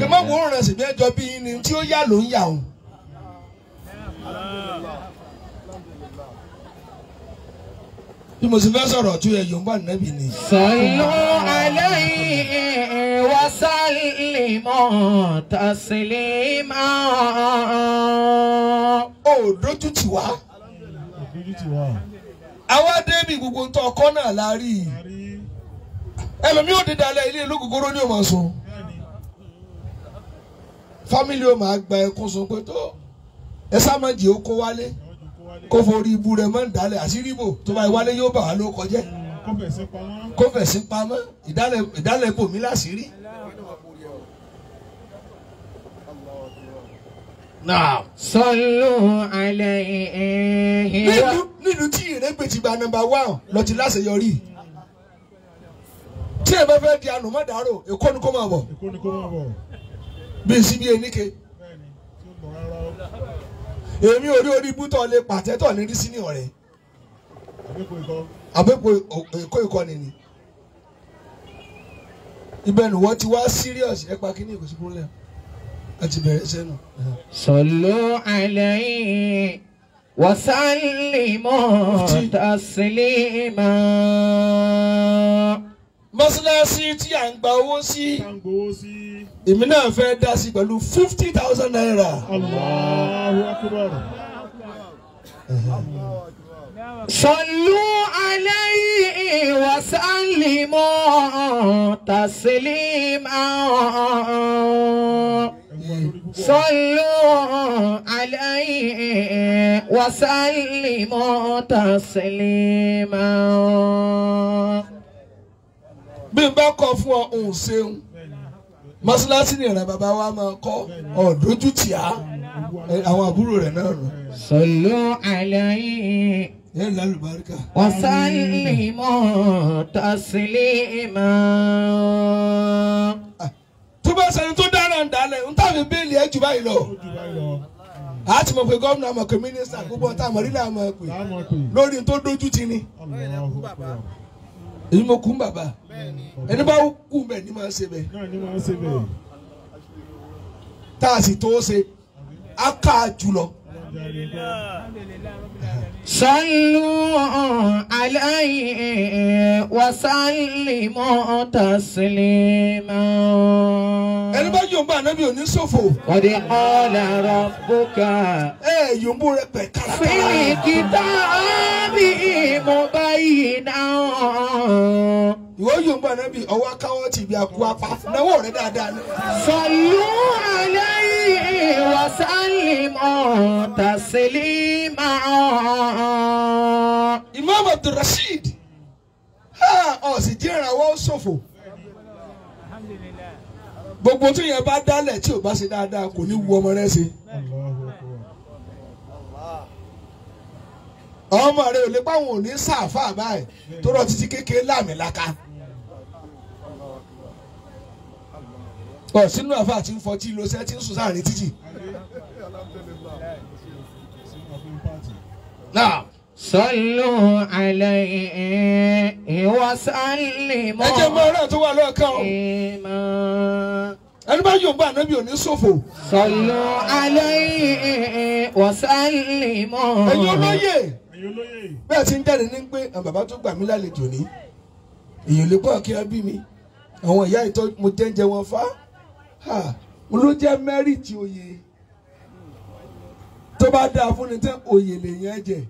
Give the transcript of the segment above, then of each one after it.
kí má wò ó ràn bí yín ni tí ó yà ló ń yà òun. bí mo sì fẹ́ sọ̀rọ̀ tó yẹ yorùbá nàbì ni. sọ̀lú aláìhìn wa sálímọ̀ tàṣílímọ̀. ó dojú tì wá. àwa débi gbogbo ntọ́ ọkọ náà la rí i. ẹlòmíì ò dídalẹ̀ ilé ìlú gogoro ni ó sùn fámìlì ó máa gba ẹkún sọ pé tó ẹ sámọ̀jì ó kó wálé kó forí ibu rẹ̀ mọ́ ìdálẹ̀ àṣírí tó bá wálé yóò bà wá ló kọjẹ́ kó fẹ̀sí pamọ́ ìdálẹ̀ bò mí láṣírí. Naam. Sallu alayhi. Nílùú tí ìrẹ́gbẹ̀ ti gba nọmba one lọ ti láṣeyọrí tí ẹ bá fẹ́ di ànùmọ́dàrò èkó ni kó máa bọ̀ bíi síbi eníke èmi ò rí orí bútọ̀ lè pàtẹ́ tọ̀ lè rí ní ọ̀rẹ́ àbẹ́pọ̀ èkó ìkọ́ni ni ibẹ̀ ni wọ́n ti wá serious ẹ̀ pa kíní ìkòsí problem ẹ bẹ̀rẹ̀ iṣẹ́ nù. sọlọ àlẹyìn wasallimọ tasilima. mọ́ṣáláṣí tí à ń gba owó sí èmi náà fẹ́ dá sí pẹ̀lú fifty thousand naira. Allahu Akbar. Sallu alayhi wa sallimu taslima. Sallu alayhi wa sallimu taslima. Bí n bá kọ fún ọ, òun ṣeun mọ́ṣáláṣí ni ìran bàbá wa máa kọ́ ọ̀dójútì á àwọn àbúrò rẹ̀ náà nù. sọlọ àlàyé. yẹ lálùbáríkà. wàsálìmọ̀ tàṣílímọ̀. tó bá sẹni tó dára ń dalẹ̀ ń tàbí bẹ́ẹ̀lì ẹ̀ jù báyìí lọ a ti mọ̀ pé gómìnà àmọ̀ mínísítà gbogbo ọ̀tá àmọ̀ rí ẹ̀ pé lórí tó dójú ti ni èyí mo kún bàbá ẹni bá kún bẹ́ẹ̀ ni máa ṣe bẹ́ẹ̀ tá a sì tó ṣe á kà á jùlọ. صلوا عليه وسلموا تسليما ẹni bá yòǹbá ànábì ò ní ṣòfò. ọ̀dẹ̀ ọ̀là rọ̀bùkà. ẹ yòǹbó rẹ pẹ̀ kárakára. fílì kìtà ábì mo bá yìí náà ìwọ yóò bá nábì ọwọ́ káwọ́ ti ibi àkú apá náwó rẹ dáadáa ni. sọlú aláyé wasalimọ tàṣílímà. Imam Abdulrasheed ọ̀sìn jẹ́ ìrànwọ́ ṣòfò gbogbo tí yẹn bá dálẹ̀ tí ò bá ṣe dáadáa kò ní wu ọmọ rẹ ṣe. ọmọ rẹ ò lè pa àwọn òní sáà báyìí tó rọ títí kékeré láàmì laka. ọ sínú àfa àti nfọtí ló ṣe ti ń sùn sáàrin títì. náà. صلوا عليه وسلموا ẹ jẹ́ mọ́ ọ̀rẹ́ tó wà lọ́ọ̀kan o. ẹni bá yóò bá ànábì òní ṣòfò. صلوا عليه وسلموا. ẹ̀yin olóyè bẹ́ẹ̀ ti ń jáde ní pé bàbá tó gbà mí lálejò ní èèyàn lè bọ́ kí wọ́n bí mi àwọn ìyá ìtọ́jú mo jẹ́ ń jẹ wọn fá ló jẹ́ mẹ́rìtì oyè tó bá dáa fún ni tẹ́ oyè lèyàn jẹ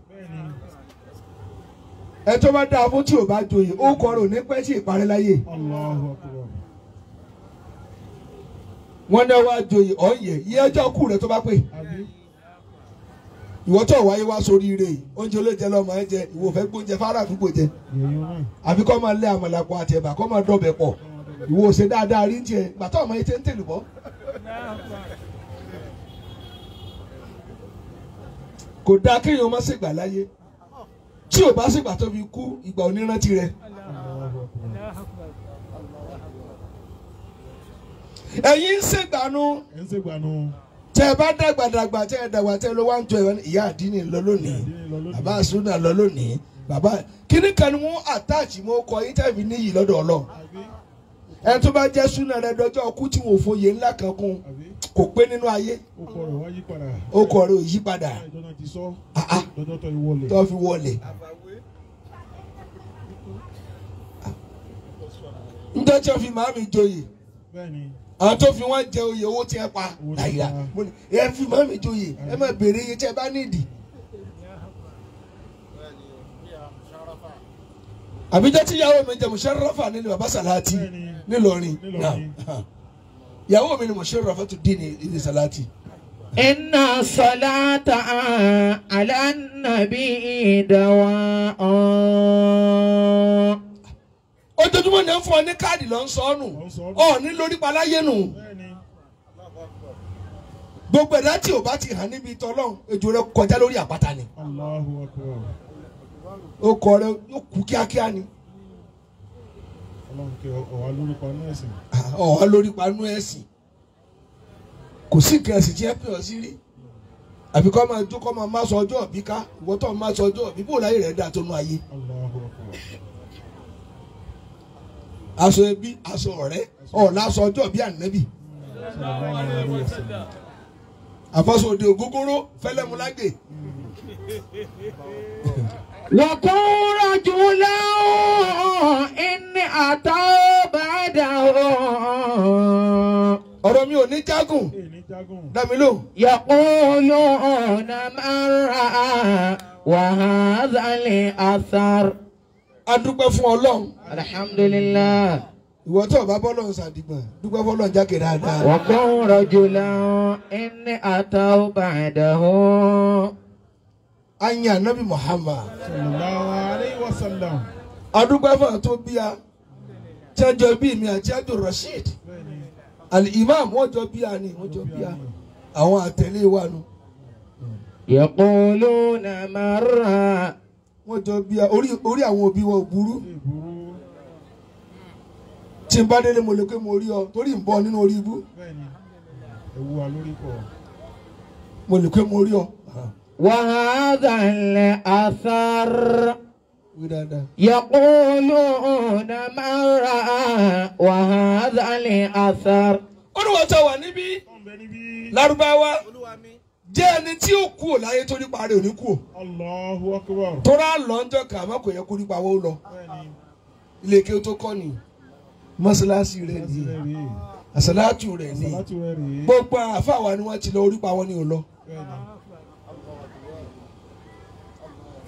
ẹ tó bá dáa fún tí ò bá joyè ó kọrò ní pẹ́ sí ìparẹ́ láyè wọ́n náà wá joyè ọ̀yẹ̀ yí ẹjọ́ kù rẹ̀ tó bá pè ìwọ tó wáyé wá sórí ire oúnjẹ olóúnjẹ lọmọ ẹ jẹ ìwọ gbóúnjẹ fara àdúgbò jẹ àbí kọ́ máa lé àmàlà pọ̀ àti ẹ̀bà kọ́ máa dọ̀bẹ̀ pọ̀ ìwọ ṣe dáadáa rí tiẹ̀ gbàtọ ọmọ yìí ṣe ń tèlùbọ. kò dáa kéèyàn má ṣègbà láyé tí ò bá ṣègbà tó fi kú ìgbà onírántí rẹ̀. ẹ̀yin ń ṣègbànú. ẹ̀ ń ṣègbànú tẹ ẹ bá dàgbà dàgbà tẹ ẹ dàgbà tẹ ẹ lọ wá ń tọ ẹ ìyá àdínì lọ lónìí bàbá àsúnà lọ lónìí bàbá kíní kan ni wọn àtàchì mọ ọkọ yìí níyì lọ́dọ̀ Ọlọ́run ẹ tó bá jẹ́ súnà rẹ dọjọ́ ọkú tí wọn ò fòye ńlá kan kún kò pé nínú ayé ó kọ̀ rẹ̀ ò yí padà ah, ah, ah. tó fi wọlé. ntọ́ tí o fi màámi joyè àwọn tó fi wọ́n jẹ oyè owó tí ẹ pa nàìjíríà ẹ fi màámi joyè ẹ má béèrè iye tí ẹ bá nídìí. àbíjẹ́ tí ìyàwó mi jẹ́ musharrafa ní baba salati nílọrin ìyàwó mi ni musharrafa tó dín ní salati. inna salata ala nabi dawa ojoojúmọ́ ni ó ń fún ọ ní káàdì lọ́n sọ́ọ́nù ọ ní lórí paláyé nù gbogbo ẹ̀dá tí ò bá ti hàn níbi tọ́lọ́hún ejò rẹ kọjá lórí àpáta ni. Allahu Akbar ọkọ rẹ yóò kú kíákíá ni. ọlọ́run kí ọ̀wá lórí panú ẹ̀sìn. ọ̀wá lórí panú ẹ̀sìn kò sí nǹkan ẹ̀sìn tí ẹ pè ọ́ sí rí àbí kọ́ máa jókòó máa má sọ ọjọ́ òbí ká ìwọ tó máa sọ ọjọ́ òbí bò láyé rẹ̀ dà tó nu ayé. aṣọ ẹbí aṣọ ọ̀rẹ́ ọ̀la aṣọ ọjọ́ òbí ànábì. àfọ̀sọ̀ òde ògógóró fẹ́lẹ́múlágbè. وقل رجلا إني أتوا بعده ọ̀rọ̀ mi ò ní jágùn dámilò. yàkúlù ọ̀nà mara wàhálàlẹ̀ asar. a dúpẹ́ fún ọlọ́run. alhamdulilah. ìwọ tó o bá bọ́ lọ́run sàdìgbọ̀n dúpẹ́ fún ọlọ́run jákè dáadáa. wọ́n kọ́ ń rọ̀jò lọ́wọ́ ẹni àtàwọn bàdàn an yà nabi muhammad. sallallahu alayhi wa sallam. adúgbò fún àtúbíà tí a jọ bí mi àti Abdul Rasheed al-imam wọ́n jọ bí a ni wọ́n jọ bí a àwọn àtẹ̀lé wa nu. yaquluna marra. wọ́n jọ bí a orí àwọn òbí wa ò burú tí n bá délé mo lè pé mo rí ọ torí n bọ nínú orí ibú mo lè pé mo rí ọ. وهذا الأثر يقولون من رأى وهذا الأثر olúwa tó wà níbí lárúbáwá jẹ́ ẹni tí ó kú láyé tó nípa rẹ̀ ò ní kú o tóra lọ́njọ́ kan àmọ́ kò yẹ kó nípa owó lọ ilé kí o tó kọ́ ni mọ́ṣáláṣí rẹ̀ ni àṣàlátù rẹ̀ ni gbogbo àfàwà ni wọ́n ti lọ orípa wọn ni ò lọ.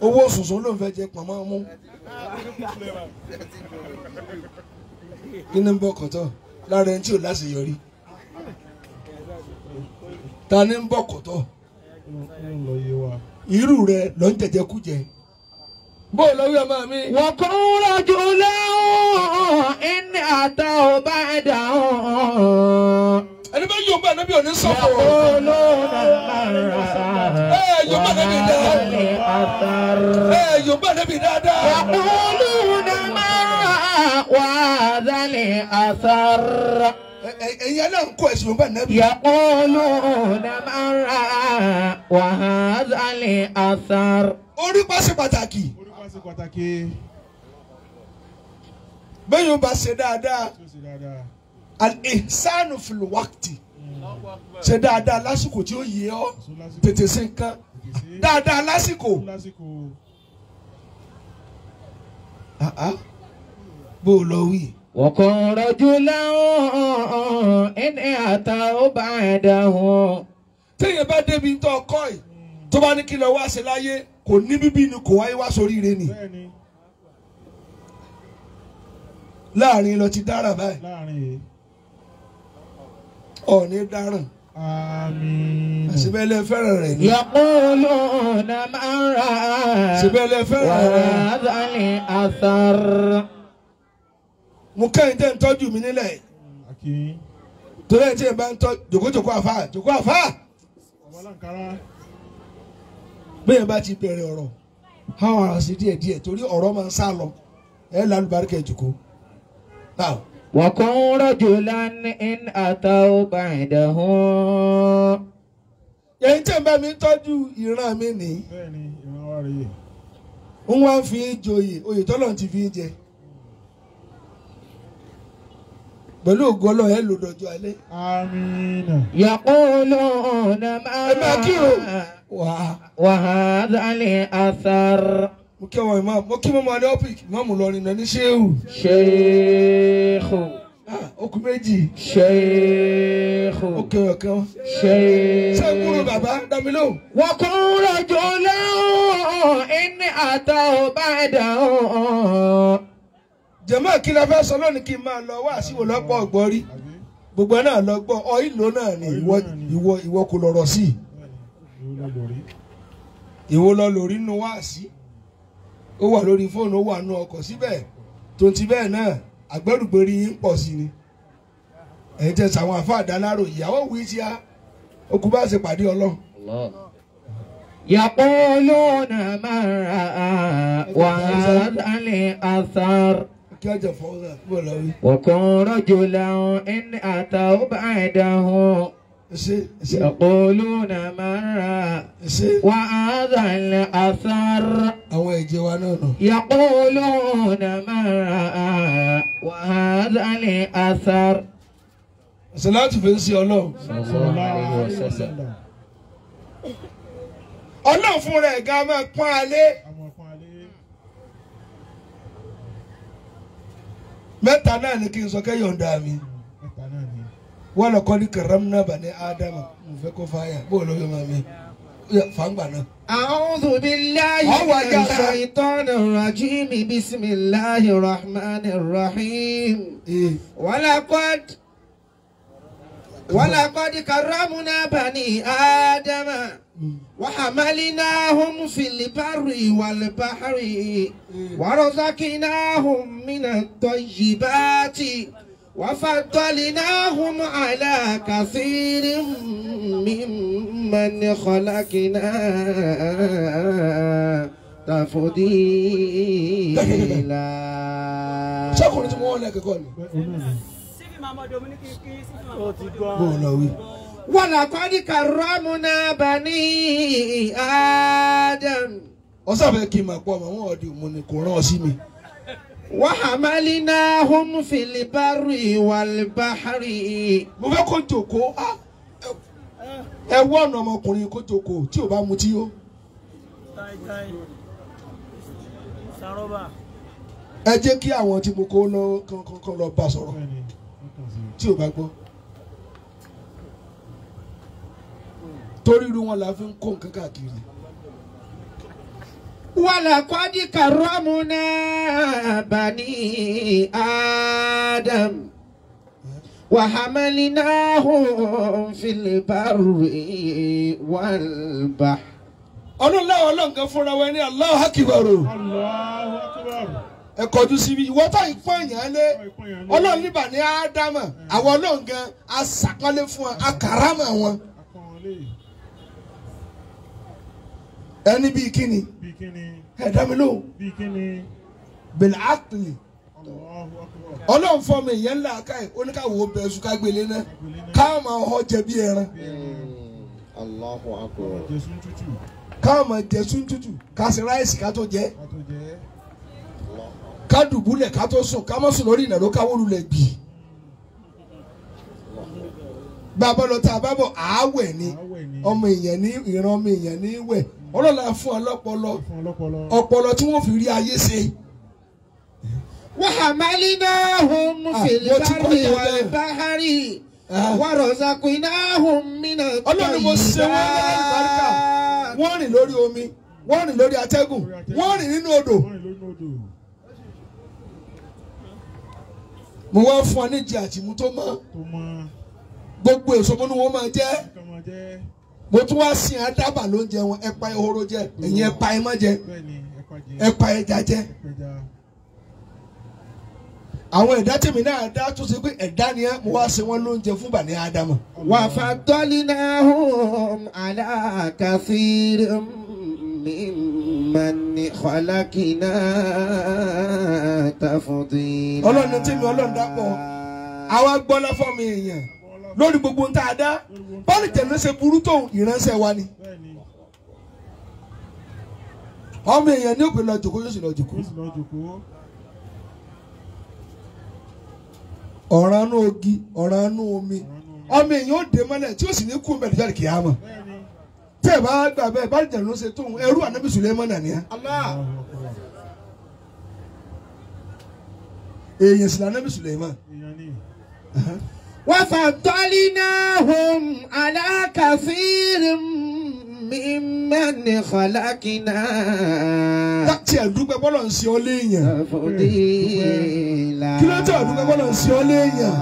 owó sòsò ló ń fẹ́ jẹ pọ̀nmọ́ mú kí ni ń bọ̀ kọ̀tọ̀ lára ẹni tí ò láṣeyọrí ta ni ń bọ̀ kọ̀tọ̀ irú rẹ lọ ń jẹjẹ kú jẹ bó lọ wí ọmọ mi. wọ́n kọ́ ń rọ̀jò lẹ́hùn-ún ẹni àtàwọn bá ẹ̀dá hàn ẹni bẹ yóò bá ẹni bí òní sọfọ. ẹ yóò bá ẹni bí dáadáa. ẹ yóò bá ẹni bí dáadáa. yàkúlù náà máa wà á dálẹ̀ àtàrà ẹ̀yin náà ń kọ́ ẹ̀sìn yorùbá nàbí. yàkúlù dàmàrà wàhálàlẹ̀ àṣàr. orí pa ṣe pàtàkì. orí pa ṣe pàtàkì. bẹ́ẹ̀ yóò bá ṣe dáadáa al-ihsanu fil waqti ṣe dáadáa lásìkò tí ó yẹ ọ́ tètè sí nǹkan dáadáa lásìkò ah, ah. bó o lọ wí. وكن رجلا إن أتاه بعده. téèyàn bá débi ń tọ́ ọkọ yìí tó bá ní kí lọ wá ṣe láyé kò ní bíbí ni kò wáyé wá sórí ire ni. láàrin lọ ti dára báyìí ọ̀ọ́ni dáràn. Sibẹ́lẹ̀ fẹ́ràn rẹ̀ ni. Yàkúlù nà máa ń ra. Sibẹ́lẹ̀ fẹ́ràn rẹ̀. Wàhálà ni àtàr. Mo kẹ́yìn tẹ́ ń tọ́jú mi nílẹ̀. Torí ẹ̀ tí ẹ̀ bá ń tọ́ jòkójòkó àfà jòkó àfà. Bẹ́ẹ̀ bá ti bẹ̀rẹ̀ ọ̀rọ̀, háwọn ará sí díẹ̀díẹ̀ torí ọ̀rọ̀ máa ń sá lọ. Ẹ lálùbáríkẹ̀ jòkó. Báwo. وكن رجلا إن أتوا بعده. Èyí tí ń bá mi tọ́jú ìran mi ni. Bẹ́ẹ̀ni, ìran wa rèé. Ń wá fi ń joyè, oyè tọ́lọ̀ ti fi ń jẹ. Pẹ̀lú ògo Ọlọ́run ẹ lò dọ̀jọ́ alẹ́. Àmín. يقولون ما وهذا الأثر mo kí àwọn ìmáàmù mo kí mọ́mọ́ adéọ́pìk ìmáàmù lọ́rin náà ní ṣéèhù. ṣéèhù. Ah, okùn méjì. ṣéèhù. òkè ọ̀kan. ṣéèhù. ṣé kúrò bàbá dami wọ́n kún lọ́jọ́ lẹ́hùn ẹni àtọ̀ bá dà ọ́. jẹ̀mọ́ kí la fẹ́ sọ lónìí kí n máa lọ wá sí ìwòlọ́pọ̀ ọ̀gbọ́rí gbogbo náà lọ gbọ́ ọ ìlò náà ni ìwọ kò lọ́rọ̀ sí ìwọ lọ lórí nu wá ó wà lórí fóònù ó wà nú ọkọ̀ síbẹ̀ tó ti bẹ́ẹ̀ náà àgbẹ̀rùgbèrí yín pọ̀ sí ni ẹ̀ jẹ́ sàwọn àfa àdálárò ìyàwó wí sí a okùn bá ṣe pàdé ọlọ́run. يقولون من رأى وهذا لأثر وكن رجلا إن أتوا بعده يقولون مرة وهذا الأثر يقولون مرة وهذا الأثر salatu fi ń sin ọlọ́run. ọlọ́run fún rẹ̀ ga máa pọ́n alẹ́. mẹ́ta náà ni kí n wala kọ́ni karamna bani adama mo fẹ́ kó fáyà bó ló yọ màmí fangba náà. a'udhu billahi minash shaitanir rajim bismillahir rahmanir rahim walaqad. ولقد كرمنا بني آدم وحملناهم في البر والبحر ورزقناهم من الطيبات وفضلناهم على كثير ممن خلقنا تفضيلا ṣọkùnrin tí mo wọ́n lẹ́kẹ̀kọ́ ni. bọ́ọ̀lù wí. ولقد كرمنا بني آدم. ọ̀sán fẹ́ kí n máa pọ̀ ọmọ wọn ọ̀dì mo ní kò rán ọ sí mi. وحملناهم في البر والبحر. mo fẹ́ kó jòkó ah, ẹ wọ ọ̀nà ọmọkùnrin kó jòkó tí ò bá mutí o. ẹ jẹ́ kí àwọn tí mo kó lọ kankan lọ bá sọ̀rọ̀ tí ò bá gbọ́. torí irú wọn la fi ń kó nǹkan káàkiri. ولقد كرمنا بني آدم وحملناهم في البر والبحر ọlọ́lá ọlọ́ǹkan fúnra wa ní Allahu Akbar. Allahu Akbar. ẹ̀kọ́ tún síbi ìwọ́ tó ìpọ́n èèyàn lé ọlọ́run níbà ní ádámà àwọn ọlọ́ǹkan fún wa akàrámà wọn. ẹni bíi kíni ẹ̀dá mi ló bìláàkìlì ọlọ́run fọ́ mi ìyẹn ńlá ká ẹ̀ oníkàwọ́ bẹ̀rẹ̀ sùn ká gbélé náà káà máa họ jẹ̀bi ẹran káà máa jẹ̀sùn tútù ká sì ráìsì ká tó jẹ ká dùbúlẹ̀ ká tó sùn ká má sùn lórí ìnàdó ká wó bàbá a ni ọmọ èèyàn ní ìran ọmọ ní wẹ̀ ọlọ́la fún ọlọ́pọlọ ọpọlọ tí wọ́n fi rí ayé ṣe. wàhámálí náà hùn fìlíbárì wà báhárì wàrọ̀sàkùn náà hùn mìíràn tó yìí rà. ọlọ́run mo ṣe wọ́n ní àlùbáríkà wọ́n rìn lórí omi wọ́n rìn lórí atẹ́gùn wọ́n rìn nínú odò. mo wá fún ọ ní ìjì àtìmú tó mọ́ gbogbo èso mọ́nú wọn máa jẹ́ mo tún wá sin adábà lóúnjẹ wọn ẹ pa ehoro jẹ ẹ̀yin ẹ pa ẹmọ jẹ ẹ pa ẹja jẹ àwọn ẹ̀dá tèmi náà dá tó ṣe pé ẹ̀dá ni mo wá ṣe wọ́n lóúnjẹ fún bani Ádámù. wà á fa tọ́línà hùm aláàkàfírí mímani kọ́lákìnà tàfùdì. ọlọ́run tèmi ọlọ́run dápọ̀ àwa gbọ́lá fọ́ọ̀mù èèyàn lórí gbogbo ohun tá a dá bọ́ọ̀lù jẹ̀lẹ́ ṣe burú tóun ìránṣẹ́ wa ni ọmọ èèyàn ní òpè lọ jòkó yóò sì lọ jòkó ọ̀ràn ogi ọ̀ràn omi ọmọ èèyàn ó dé mọ́lẹ̀ tí ó sì ní kú mẹ́rin jáde kìí àmọ́ tẹ́ ẹ bá gbà bẹ́ẹ̀ bá jẹ̀lẹ́ ló ṣe tóun ẹrú ànábì Sùlẹ́mọ́nà nàní èèyàn sì lànà bí Sùlẹ́mọ́nà. وفضلناهم على كثير mímẹ́ni kọ̀lákínà. láti ẹ̀dúgbẹ́ bọ́lọ̀ ń ṣe ọ́ léèyàn. àfọ̀dé la. kí ló tẹ̀ ẹ̀dúgbẹ́ bọ́lọ̀ ń ṣe ọ́ léèyàn.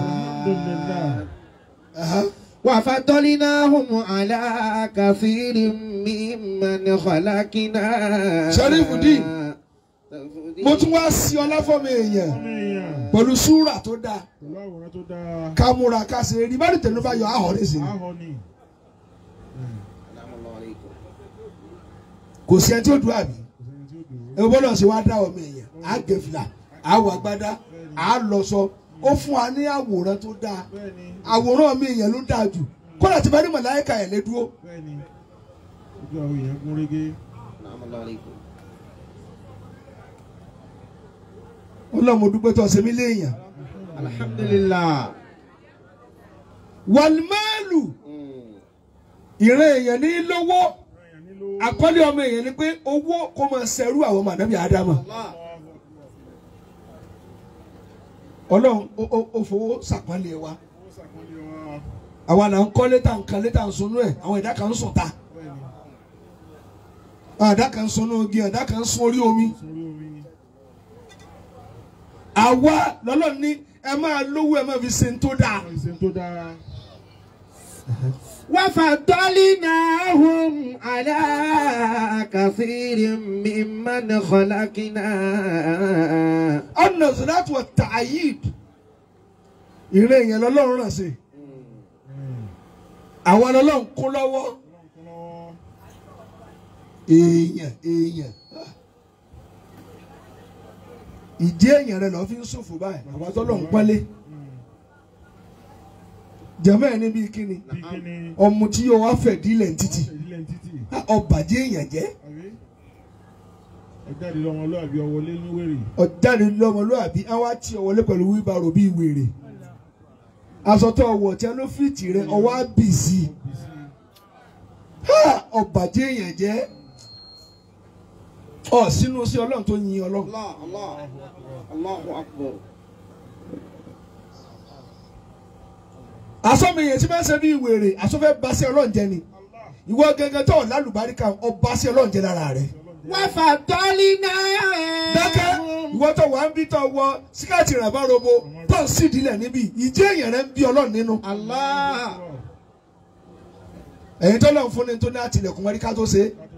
wà á náà hùn aláàkàfírí mímẹ́ni kọ̀lákínà. sẹ́rífù dín mo tún wá sí ọlá fọmọ èèyàn pẹ̀lú súrà tó dáa ká múra ká ṣe eré bá dìtẹ̀ ló bá yọ ahọ́ ní sèé kò sí ẹni tí ó dùn àbí ẹ gbọ́dọ̀ ṣe wá dá ọmọ èèyàn á gẹ̀fìlà á wọ agbádá á lọ sọ ó fún wa ní àwòrán tó dáa àwòrán ọmọ èèyàn ló dáa jù kódà tí bá ní màláìka ẹ̀ lé dúró. Ọlọ́run mo dúpẹ́ tó ṣe mí léèyàn. alhamdulilah. wàlmẹ́ẹ̀lù ìran èèyàn ní lówó àkọ́lé ọmọ èèyàn ni pé owó kó máa ṣẹrú àwọn màdàbí àdámà. Ọlọ́run ó fowó ṣàpọ́nlé wa àwa là ń kọ́ létà nǹkan létà nsọ́nú ẹ̀ àwọn ẹ̀dá kan ń sùn ta ẹ̀dá kan ń sọ́nú igi ẹ̀dá kan ń sún orí omi àwa lọ́lọ́run ní ẹ máa lówó ẹ máa fi ṣe tó dáa. ṣe tó dáa. وفضلناهم على كثير ممن خلقنا النظرات والتعييد ìrìn èèyàn lọ́lọ́run ràn sí àwọn lọ́lọ́run kún lọ́wọ́ èèyàn èèyàn ìdí èèyàn rẹ lọ́ọ́ fi ń ṣòfò báyìí àwọn atọ́lọ́ ń pálé jẹ́mọ́ ẹ̀ níbi kíni ọmọ tí yóò wá fẹ̀ dílẹ̀ ń títì ọbàjẹ́ èèyàn jẹ́ ọ̀jáde lọ́mọlúàbí ọwọlé ní wèrè. ọ̀jáde lọ́mọlúàbí àwa pẹ̀lú wíbarò bíi wèrè aṣọ tó tí a fìtì rẹ ọwọ́ á bì sí i jẹ́ ọ sínú sí ọlọ́run tó yin ọlọ́run. asọ́mìyàn tí wọ́n ṣe bí wèrè asọ́fẹ́ bá sí ọlọ́run jẹ ni ìwọ gẹ́gẹ́ tó lálùbáríkà ọ bá sí ọlọ́run jẹ lára rẹ. wẹ́fà tọ́lí náà. dákẹ́ ìwọ tó wà ń bí tó wọ síkẹ́ẹ̀tì rẹ̀ bá robo tó ń sídìílẹ̀ níbí ìjẹ́ èèyàn rẹ̀ ń bí ọlọ́run nínú. Allah ẹ̀yin tó lọ́n fún ni tó ní àtìlẹ̀kùn wẹ́rí ká tó ṣe é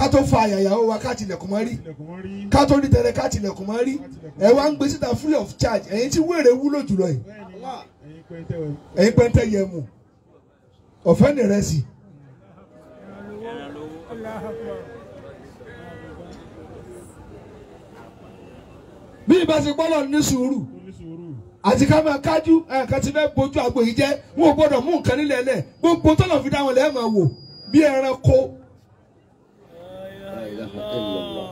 ká tó fa àyàyàwó wa ká tilẹ̀kùn mọ́ rí ká tó rí tẹ̀lé ká tilẹ̀kùn mọ́ rí ẹ wá ń gbé síta free of charge ẹ̀yin tí wèrè wúlò jùlọ yìí ẹ̀yin pẹ́ńtẹ́ yẹ mu ọ̀fẹ́ nìrẹsì. bí ibà ti gbọ́ lọ ní sùúrù àti ká máa kájú ẹ̀ka ti fẹ́ bójú àgbo yìí jẹ́ wọn ò gbọ́dọ̀ mú nǹkan nílẹ̀ lẹ̀ gbogbo tọ́lọ̀ fi dá wọn wò bí ẹranko ilaha illallah.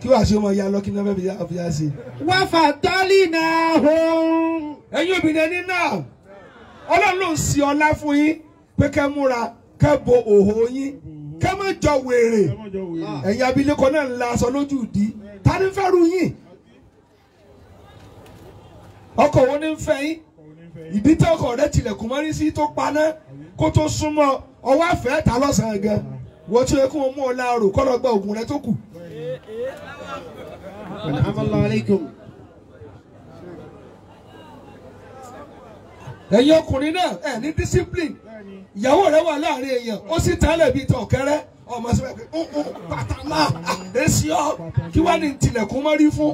kí wàá ṣe ọmọ ìyá lọ kí náà bẹ́ẹ̀ fi yá ṣe. wá fàtálì náà hùn. ẹ̀yin obìnrin ẹni náà ọlọ́run ló ń sin ọlá fún yín pé kẹ́ múra kẹ́ bo òhò yín kẹ́ má jọ wèrè ẹ̀yin abilékọ náà ń la aṣọ lójú ìdí ta ni fẹ́ ru yín ọkọ wo ni ń fẹ́ yín ìdí tí ọkọ rẹ tilẹ̀kùn mọ́rí sí tó paná kó tó súnmọ́ ọwọ́ àfẹ́ ta lọ́sàn-án gan wọ́n tí ó kún un mú ọ láàrò kọ́ lọ gba oògùn rẹ tó kù. ẹ̀yin ọkùnrin náà ẹ̀ ní discipline ìyàwó rẹ wà láàrin èèyàn ó sì tálẹ̀ bíi tọ̀ kẹ́rẹ́ ọmọ sọ pé pátá náà èsì ọ kí wàá ní tilẹ̀kùn mọ́rí fún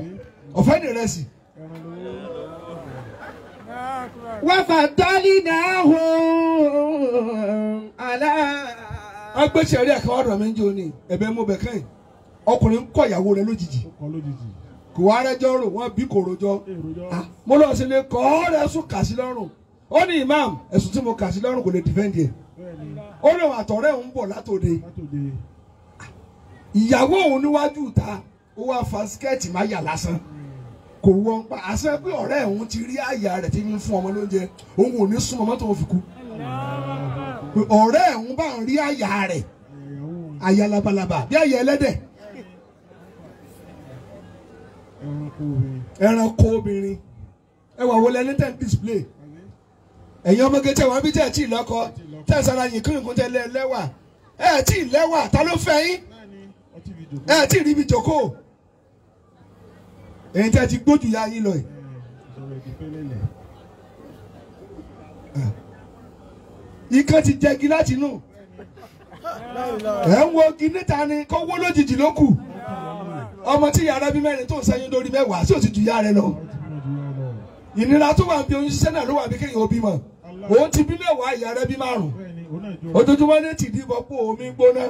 ọ̀fẹ́ nìrẹsì. وفضلناهم على agbésẹ̀rí ẹ̀ka ọ̀rọ̀ mi ń jó ni ẹ̀bẹ̀ mo bẹ̀ kẹ́yìn ọkùnrin ń kọ ìyàwó rẹ̀ lójijì kò wá rẹ́jọ́ rò wọ́n bí kò rojọ́ ah, mo lọ sí ilé kọ́ ọ̀rẹ́ ẹ̀sùn kà sí lọ́rùn ó ní imam ẹ̀sùn tí mo kà sí lọ́rùn kò lè dìfẹ́ǹdì ẹ̀ ó ní òun àtọ̀rẹ́ òun bọ̀ látòde ah, ìyàwó òun níwájú ìta ó wá fa skẹ́ẹ̀tì má yà lásán kò wọ pa àṣẹ pé ọ̀rẹ́ òun ti rí àyà rẹ̀ tí ń fún ọmọ lóúnjẹ òun ò ní súnmọ́ mọ́tò òun fi kú ọ̀rẹ́ òun bá ń rí àyà rẹ̀ àyà labalábá bí àyà ẹlẹ́dẹ̀ ẹranko obìnrin ẹ wọlé ní ten display ẹ̀yin ọmọge tẹ wọ́n bí tẹ̀ tí ì lọ́kọ tẹ̀ ń sara yìí kírìkún tẹ lẹ́wà ẹ̀ tí ì ta ló fẹ́ yín ẹ̀ tí ì ríbi jókòó. ẹ̀yin tí a ti gbójú ya yín lọ yìí. Ah. ikán ti jẹgi láti inú ẹ̀ ń wo igi níta ni kó wó lójijì ọmọ tí yàrá bí mẹ́rin tó ń sẹ́yìn lórí mẹ́wàá sí òtítù yá rẹ lọ ìnira tó wà ń bí oyún ṣiṣẹ́ náà ló wà bí kéèyàn ó mọ̀ òun ti bí mẹ́wàá bí ojoojúmọ́ ní ti dìbò pé omi gbóná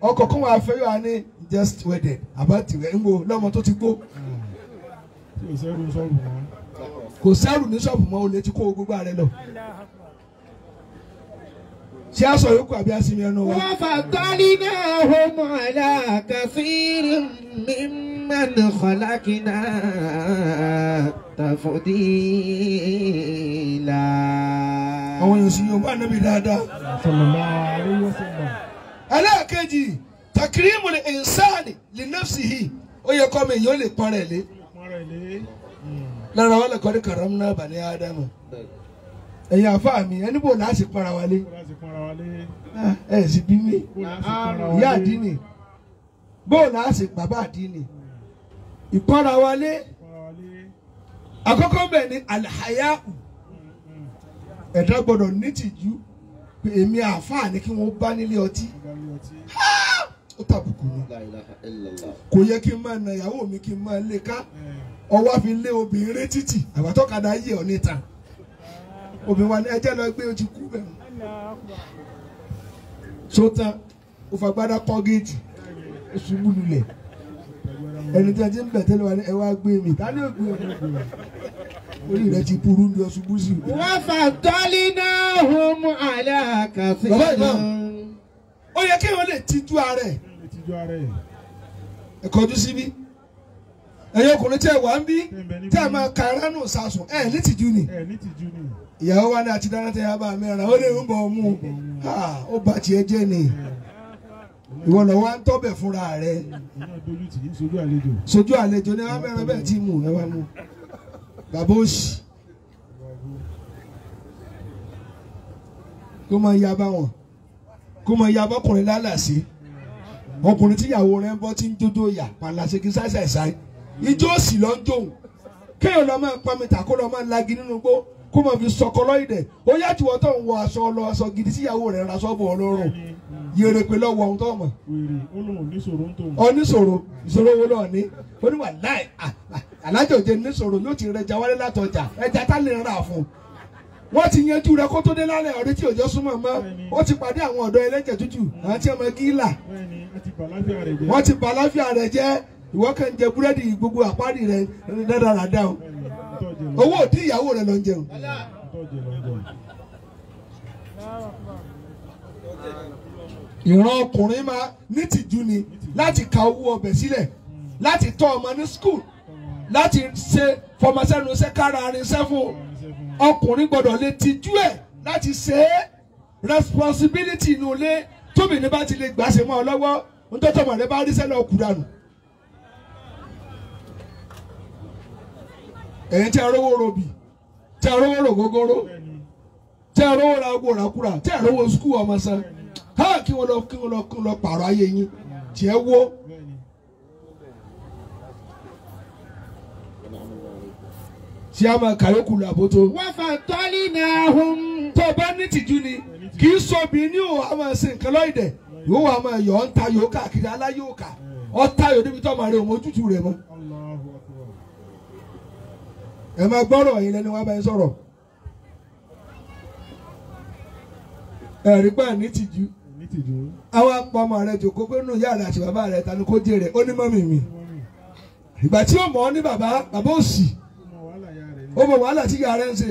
ọkọ̀ wà fẹ́ yóò wá ní just wedded kò sẹ́rù ní ṣọ́ọ̀bù mọ́ o ti kó gbogbo ààrẹ lọ. ṣé aṣọ yòókù àbí asinmi ẹnu wa. wọ́n fàtọ́lì náà ó mọ̀ ẹ́dá kàfíìrì mímọ́nà kọ́lákínà tàfọ́díìlà. àwọn èèyàn sì yóò bá nàbí dáadáa. ẹlẹ́ẹ̀kejì takirimu ni ìnsáàni lè nọ́ọ̀sì yìí ó yẹ kọ́ mi èèyàn lè pọ́nrẹ̀ lé lára wọn lẹkọọ ní kàrọmù náà bani adamu. ẹ̀yin àfa mi ẹni bò láti para wa lé ah, ẹ sì bí mi ìyá àdínì bò láti bàbá àdínì ìpara wa lé àkọ́kọ́ bẹ́ẹ̀ ni alihayau ẹ̀dá gbọ́dọ̀ nítìjú pé èmi àáfàá ni kí wọ́n bá nílé ọtí ó tàbùkù mi kò yẹ kí n máa na ìyàwó mi kí n máa lé ká. Eh ọwọ́ fi lé obìnrin títì àbátọ́kadà yé ọ níta obìnrin wa ní ẹjẹ́ lọ gbé o kú bẹ́ẹ̀ sótán o fagbádá kọ́ géètì ẹni tí a ti ń bẹ̀ tẹ́lẹ̀ wa ní ẹ wá gbé mi ta ni ó gbé ọ orí rẹ ti burú ní ọṣubú sí. wọ́n fà tọ́lí náà hùm aláàkàfẹ́. bàbá ìmọ̀ ó yẹ kéèyàn lè tijú ara ẹ̀ ẹ̀ síbí ẹ̀yin ọkùnrin tí ẹ wà ń bí tí a máa ka ara nù sasùn ẹ̀ nítìjú ni ìyàwó wa ní àti dáná tẹ yà bá mi ràn ó lè ń bọ̀ mú ó bá tiẹ̀ jẹ́ ni ìwọ lọ wá ń tọ́bẹ̀ fúnra rẹ sojú àlejò ni wọ́n mẹ́rin bẹ́ẹ̀ tí mú ẹ wá mú bàbá òsì kó máa ya bá wọn kó máa ya bọ́kùnrin lálàsí ọkùnrin tíyàwó rẹ ń bọ́ tí ń jójó yà pàlàṣẹ kí sáṣà ìsáyé ijó òsì lọ ń jóun kéèyàn lọ máa pa mìtà kó lọ máa lagi nínú gbó kó máa fi sọkọlọ ìdẹ̀ ó yá tiwọ́ tó ń wọ aṣọ lọ aṣọ gidi síyàwó rẹ̀ ra sọ́ọ̀bù ọlọ́run yèrèpè lọ́wọ́ ohun tó mọ̀. oníṣòro ìṣòro wo náà ni oníwà láì alájọ òjè níṣòro yóò ti rẹjà wálé látọjà ẹja tá lè rà fún wọ́n ti yanjú rẹ kó tó dé lálẹ́ ọ̀rẹ́ tí òjò súnmọ́ mọ́ ó ti pàdé àwọn ọ̀dọ́ ẹlẹ́jẹ̀ tútù àwọn tí ọmọ gíìlà wọ́n ti bàláfíà rẹ̀ jẹ́ ìwọ kàn ń jẹ búrẹ́dì gbogbo àpárí rẹ dáradára o owó òdí ìyàwó rẹ lọ ń jẹun. ìran ọkùnrin máa nítìjú ni láti ka owó ọbẹ̀ sílẹ̀ láti tọ́ ọmọ ní skul láti ṣe fọmọsẹ́nu ṣe kára fún ọkùnrin gbọ́dọ̀ lè tijú ẹ̀ láti ṣe é responsibility inú ilé tóbi ní bá ti lè gbàṣẹ́ mọ́ ọ lọ́wọ́ ntọ́tọ́mọ̀ rẹ bá ríṣẹ́ lọ kúranù. ẹ̀yin tí a rówó robì tí a rówó rògógóró tí a rówó rago ràkúrà tí a rówó skul ọmọ san káà kí wọ́n lọ kí wọ́n lọ kí wọ́n lọ pààrọ̀ ayé yín jẹ́ wó. tí a máa kàyókù làbótó. wọ́n fà tọ́lí náà hùn. tó o bá ní tìjú ni kì í sobi ní o a máa ṣe nǹkan lọ́ọ̀dẹ̀ yóò wá máa yọ̀ ọ́ ń ta yòókà kiri aláyòókà ọ́ ta yòó débi tó máa rí ọmọ ojútùú rẹ̀ mọ́ ẹ máa gbọ́rọ̀ yín lẹ́nu wá bá yín sọ̀rọ̀ ẹ̀rí pa ní tìjú àwọn apọ̀mọ̀ rẹ jòkó pé nù yàrá àti bàbá rẹ ta ni kò jèrè ó ní mọ́mì mi ìgbà tí ó mọ̀ ọ́ ní bàbá bàbá òsì ó mọ̀ wàhálà tí yàrá ń ṣe.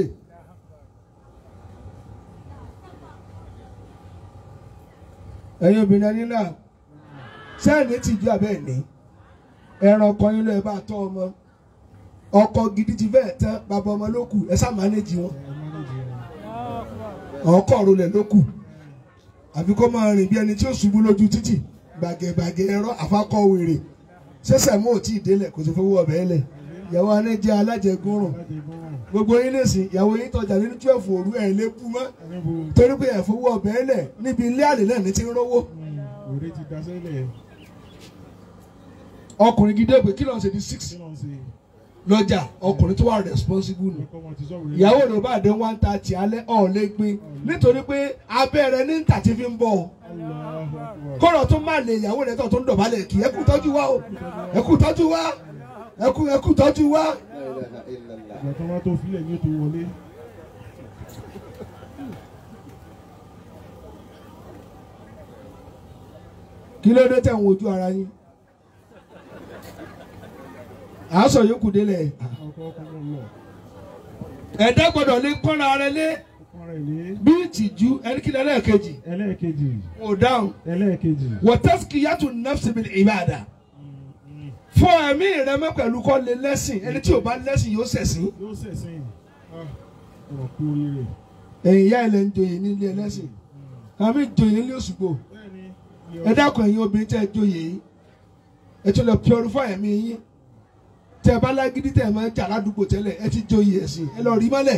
ẹ̀yin obìnrin ẹni náà sẹ́ẹ̀ni tìjú àbẹ́ẹ̀ ní ẹran kan yín ló ẹ bá tọ́ ọmọ ọkọ gidi ti bẹ́ẹ̀ tán bàbá ọmọ ló kù ẹ sáà mánéjì wọn ọkọ rọlẹ̀ ló kù àfi kó máa rìn bí ẹni tí ó ṣubú lójú títì gbàgẹ̀gbàgẹ̀ ẹ̀rọ àfakọ wèrè ṣẹ̀ṣẹ̀ mú òtí ìdélẹ̀ kò sì fowó ọbẹ̀ ẹlẹ̀ ìyàwó alẹ́ jẹ́ alájẹgúnrùn gbogbo yín lèsìn ìyàwó yín tọjà nínú twelve òru ẹ̀ lé bú mọ́ torí pé ẹ̀ fowó ọbẹ̀ ẹlẹ̀ níbi ilé àlè náà ní ti ń rówó. ọkùnrin gidi èpè kí ló ń ṣe di six lọ́jà ọkùnrin tó wà responsible ni ìyàwó rẹ̀ bá dé one thirty alẹ́ ọ̀ọ́ lé gbin nítorí pé abẹ́ rẹ̀ ní tàtí fi ń bọ̀ o kọ́rọ̀ tó má lè ìyàwó rẹ̀ tó tó ń dọ̀bálẹ̀ kì í ẹkú tọ́jú wa o ẹkú tọ́jú wa ẹkú ẹkú tọ́jú wa. ìgbà tó fílẹ̀ ní ètò wọlé. kí ló dé tẹ̀ ń wojú ara yín àásọ yòókù délẹ̀ ẹ̀dá gbọ́dọ̀ lè kọ́ra rẹ lé bí ìtìjú ẹnikẹ́ni ẹlẹ́ẹ̀kejì ẹlẹ́ẹ̀kejì ò dáhùn ẹlẹ́ẹ̀kejì wọ́tẹ́sìkì yàtọ̀ nẹ́fṣibìlì ìbáàdà fún ẹ̀mí rẹ mọ́ pẹ̀lú kọ́ lé lẹ́sìn ẹni tí ò bá lẹ́sìn yóò ṣẹ̀sìn. yóò ṣẹ̀sìn ah, ọ̀pọ̀ oríire. ẹ̀yin ìyá ilẹ̀ ń joyè nílé ẹlẹ́sìn àmì joyè nílé Òṣùgbò ẹ dákun ẹ̀yin obìnrin tẹ́ ẹ joyè yìí ẹ tún lọ purify ẹ̀mí yín tẹ bá lágídí tẹ máa ń jà ládùúgbò tẹ́lẹ̀ ẹ ti joyè ẹ̀sìn ẹ lọ rí mọ́lẹ̀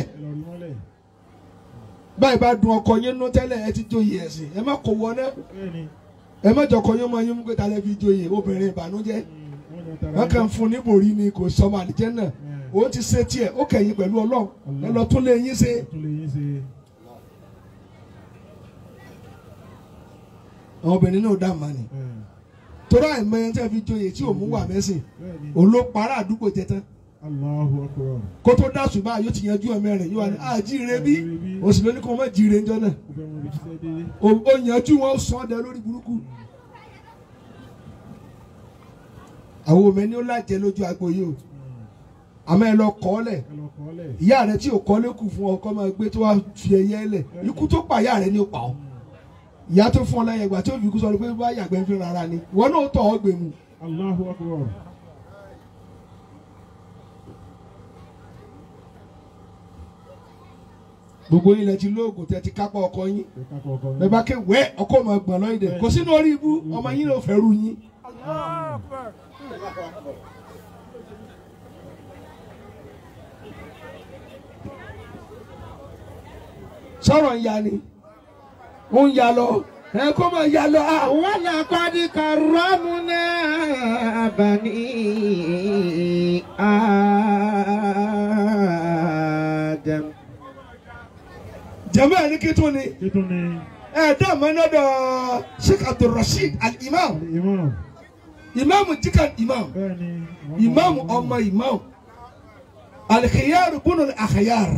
báyìí bá dun ọkọ yín nú tẹ́lẹ̀ ẹ ti joyè ẹ̀sìn ẹ má kó wọná ẹ má jọkọ yín mọ yín mú pé talẹ́ fi joyè obìnrin ìbànújẹ́ wọn kàn fún níborí ni kò sọmọ àlìjẹ́ náà ó ti ṣe tiẹ̀ ó kẹ̀yìn pẹ̀lú ọlọ́run ẹ lọ tún lé yín ṣe. àwọn obìnrin náà dá màá ni torí àìmọ ẹni tí a fi joyè tí òun wà mẹ́sìn òun ló para àdúgbò jẹ tán kó tó dá ṣùgbọ́n àyò ti yanjú ọmọ rẹ̀ yóò wá ní àjíire ah, bí òsì lóní kan mọ́ jíire ńjọ náà ó yanjú wọn sọ ọ́ dẹ lórí burúkú àwọn òmẹ ni ó lájẹ lójú agbo yìí o àmọ́ ẹ lọ kọ́ lẹ̀ ìyá rẹ tí ò kọ́ lé kù fún ọkọ máa gbé tó wá fi ẹyẹ lẹ̀ ikú tó pa ìyá rẹ ni ó pa ọ́ ìyá tó fún ọ lẹ́yìn ìgbà tí ó fi kú sọ pé bá yàgbẹ́ fi rárá ni wọn náà tọ̀ ọ́ gbèmù. Allahu Akbar. gbogbo yín lẹ ti lóògùn tẹ ti kápá ọkọ yín bẹ́ẹ̀ ké wẹ ọkọ ọmọ ẹgbọn lọ ìdẹ kò sínú orí ibú ọmọ yín ló fẹrù yín. sọ̀rọ̀ ń ya ni ó ń ya lọ ẹ kó máa ya lọ. Ah. wọ́n là kọ́dí kàrọ́mù náà bani Adam. jẹ́mọ́ ẹ̀ ní kí tún ni ẹ̀ dá àmọ́ iná dọ̀ Sheikh Abdul Rasheed al-Imam imam jikan imam imam ọmọ imam alikiyaru bunu akiyar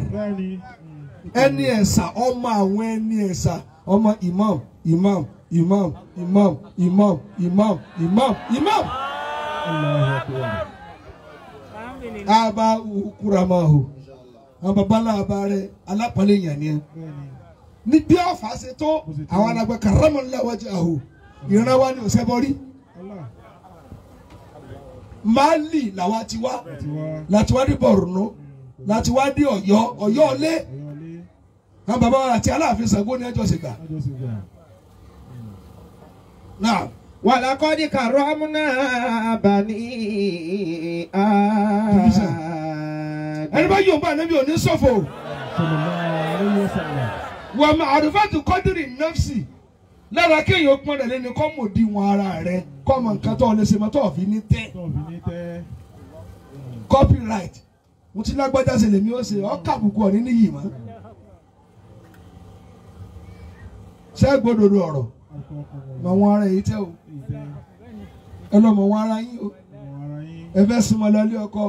ẹni ẹ̀sà ọmọ àwọn ẹni ẹ̀sà ọmọ imam imam imam imam imam imam imam imam. aba kuramahu àwọn bala abare. rẹ alápọ̀lẹ̀ yàn ni ẹ ní bí ọ̀fà ṣe tó àwọn anagbẹ́ karamallahu wajhahu ìran wa ni ò sẹ́bọ̀ rí mali làwa ti wá di Borno láti wá ní Ọ̀yọ́ Ọ̀yọ́ ọlẹ́ náà bàbá àti aláàfin Ṣàngó ní ẹjọ́ sì gbà. náà. ولقد كرمنا بني آدم ẹni bá yóò bá ẹni yóò ní sọfọ wà má àrùfáàtì kọ́dírì nọ́ọ̀sì lára kéèyàn pọn rẹ̀ lẹ́ni kọ́ mọ̀ di wọn ara rẹ̀ kọ́ mọ̀ nǹkan tó ọlẹ́sẹ̀ mọ́ tó ọ̀fi ní tẹ́ copyright mo ti lágbájá ṣe lèmi ó ṣe ọ́ kàbùkù ọ̀ nínú yìí mọ́. ṣẹ́gbọ́dọ̀dọ̀ ọ̀rọ̀ mọ̀ wọn ara yìí tẹ́ o ẹ lọ mọ̀ wọn ara yín o ẹ fẹ́ súnmọ́ lọ́lé ọkọ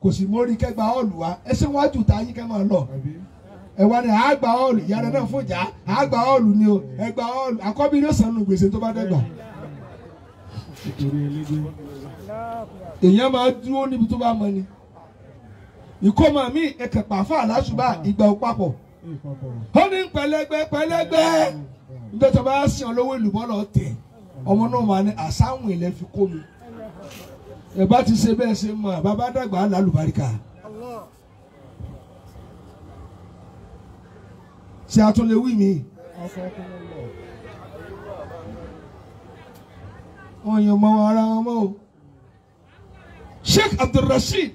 kò sì mórí kẹgbà ọ̀lù wa ẹ ṣé wájú ta yín kẹ́ máa lọ ẹ wá ní àgbà ọ̀lù yàrá náà fún ìjà àgbà ọ̀lù ni o ẹgbà ọ̀lù àkọ́bí ló sàn nù gbèsè tó bá dẹ́gbà. èèyàn máa dúró níbi tó bá mọ ni ìkómọ mi ẹkẹpà fún àlásùbà ìgbà òpapọ̀ ó ní pẹ̀lẹ́gbẹ́ pẹ̀lẹ́gbẹ́ níjọ́ tí wọ́n bá sìn ọ́ lówó ìlúbọ́ lọ tẹ̀ ọmọ náà máa ní àsáhùn ilẹ̀ fi kó mi ẹ bá ti ṣe bẹ́ẹ̀ ṣe mọ̀ bàbá dàgbà lálùbáríkà ṣe àtúnlẹ̀wí mi. wọn yàn mọ ara wọn mọ o Sheikh Abdulrasheed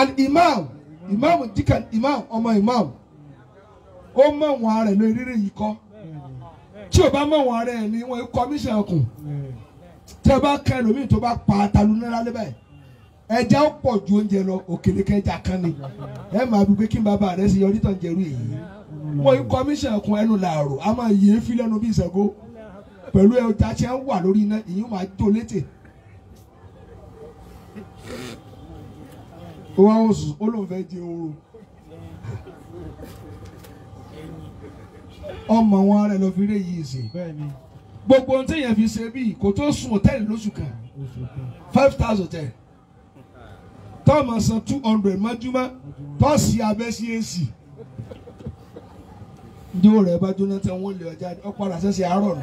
al imam imam dikan imam ọmọ imam ó mọ̀ wọn rẹ̀ lórí rírì yìí kọ́ tí o bá mọ̀ wọn ara ni wọn kọmíṣàn ọkùn tí o bá kẹ́ lómi tó bá pa àtàlù náírà lébẹ̀ ẹja ó pọ̀ ju oúnjẹ lọ òkèlè kẹjà kan ni ẹ máa bí pé kí n bàbá rẹ ṣe yọrí tàn jẹrú èyí wọn kọmíṣàn ọkùn ẹnu làárọ̀ a máa yé fi lẹ́nu bí ìṣẹ́gbó pẹ̀lú ẹja tí wọ́n wà lórí iná ìyún máa jó létè. ó wá ó sùn ó lóun fẹ́ di ooru ọmọ wọn rẹ lọ fi ré yìí ṣe gbogbo ohun téèyàn fi ṣe bíi kò tó sùn hòtẹ́ẹ̀lì lóṣù kan five thousand ten tọ́ọ̀mù san two hundred mọ́júmọ́ tọ́ọ̀sì abẹ́ sí èsì ndíwò rẹ̀ bá jóná tẹ wọ́n lè ọjà ọ̀pọ̀ àṣẹ ṣe àárọ̀ nù.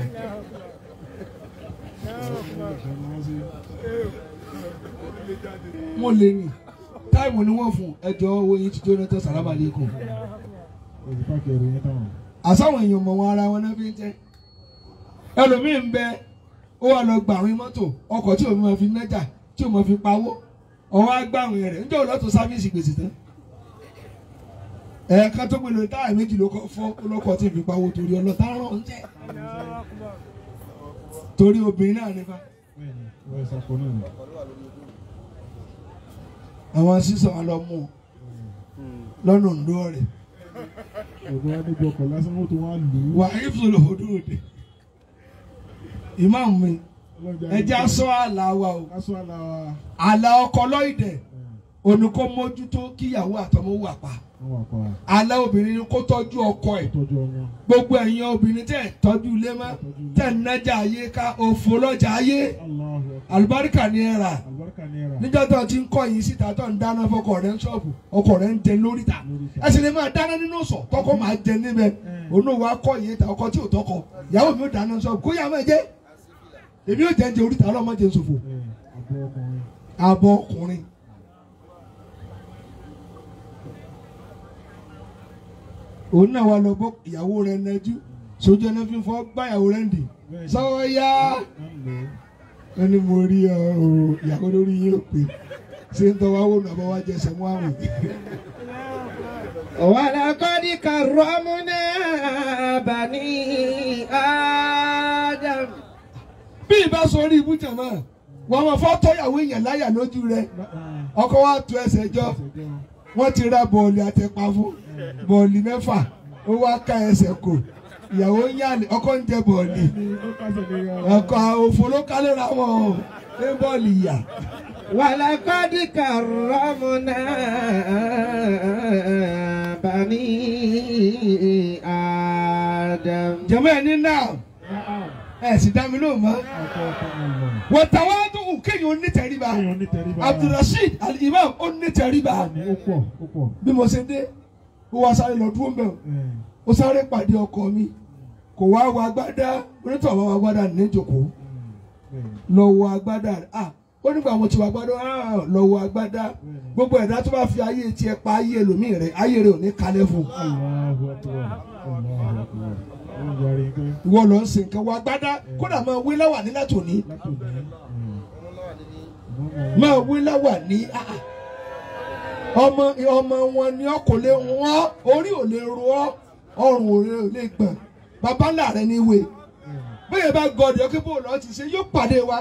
wọ́n lè ní táìmù ni wọ́n fún ẹjọ́ owó yìí ti jóná tẹ sàlámà lẹ́kọ̀ọ́ àsáwọn èèyàn mọ̀ wọn ara wọn náà fi ń tẹ́ ẹlòmíín bẹ ó wà lọ gbàrin mọ́tò ọkọ̀ tí òun máa fi nájà tí òun máa fi pawó ọwọ́ agbárin rẹ̀ níjọ́ lọ́tọ̀ sáfíìsì gbèsè tán ẹ̀ẹ̀kan tó gbé lórí táyà méjì ló kọ́ fọ́ lọ́kọ̀ tí ìfi pawó torí ọlọ́tà rán ń tẹ́ torí obìnrin náà nípa. àwọn sísọ wọn lọ mú un hmm. lọ́nà òǹdó rẹ̀ ẹ̀gbọ́n wa níbi ọkọ̀ lásán wọ́n tó wá lù ú. wàá ìfúnlò òdòdè ìmáàmù mi ẹjẹ́ aṣọ àlà o àlà ọkọ lọ́ìdẹ̀ òní kó mójútó kíyàwó àtọmọ wà pa àlà obìnrin ni kó tọ́jú ọkọ ẹ̀ gbogbo ẹ̀yin obìnrin tẹ̀ tọ́jú ilé mọ́ tẹ̀ nájà ayé ká òfò lọ́jà ayé àlùbáríkà ni ẹ rà níjọ́ tó ti ń kọ́ yìí síta tó ń dáná fọkọ rẹ̀ ń ṣọ́ọ̀bù ọkọ rẹ̀ ń jẹ lóríta ẹ lè máa dáná nínú sọ tọkọ máa jẹ níbẹ̀ òun wa kọ́ yìí ta ọkọ tí ò tọkọ ìyàwó mi ò dáná ṣọ́ọ̀bù kó yà máa jẹ èmi ò jẹ ń jẹ oríta ọlọ́mọ jẹ ṣòfò àbọ̀ ọkùnrin. òun náà wà lọ bọ́ ìyàwó rẹ̀ nẹ́jú sójú ẹni fi fọ́ báyàwó rẹ̀ ń dì sọ́wọ́ yá wọ́n ní mo rí ọ o ìyàwó lórí yín ò pé ṣé ń tọ́ wá wò lọ́bọ̀ wá jẹ sẹ́mu àwìn. ولقد كرمنا بني آدم bí ìbá sọrí ibú jàmá wọn máa fọ́ tọ́yàwó èèyàn láyà lójú rẹ ọkọ wa tu ẹsẹ̀ jọ wọ́n ti ra bọ́ọ̀lì àtẹ̀pá fún bọ́ọ̀lì mẹ́fà ó wá ká ẹsẹ̀ kò ìyàwó ń yàn ọkọ ń jẹ bọ̀ọ̀lì ọkọ òfolókálẹ̀ ra wọn o ní bọ́ọ̀lì ìyà. wàlàkọ́dì kàrọ́mùnà bani adam. jẹ́mọ́ ẹ̀ ní náà ẹ̀ sì dá mi lóhùn mọ́. wọ́n tàwọn àdúgbò kéèyàn onítẹ̀ríba abdulrasheed alimam onítẹ̀ríba bí mo ṣe dé ó wá sáré lọ dúró mo sáré pàdé ọkọ mi kò wá wọ agbádá onítọ̀ wá wọ agbádá níjókòó lọ wọ agbádá ah ó nígbà mo ti wọ agbádá ah lọ wọ agbádá gbogbo ẹ̀dá tó bá fi ayé tiẹ̀ pa ayé ẹlòmíì rẹ̀ ayé rẹ̀ ò ní kalẹ̀ fún ìwọ lọ ń sin nǹkan wọ agbádá kódà máa wí láwà ní látòní máa wí láwà ní ah ọmọ ọmọ wọn ni ọkọ lè wọn orí ò lè ro ọ. ọrùn òrè lè gbọ̀n bàbá ńlá rẹ ní ìwé bẹ́ẹ̀ bá gọdẹ ọkẹ́ bó pàdé wa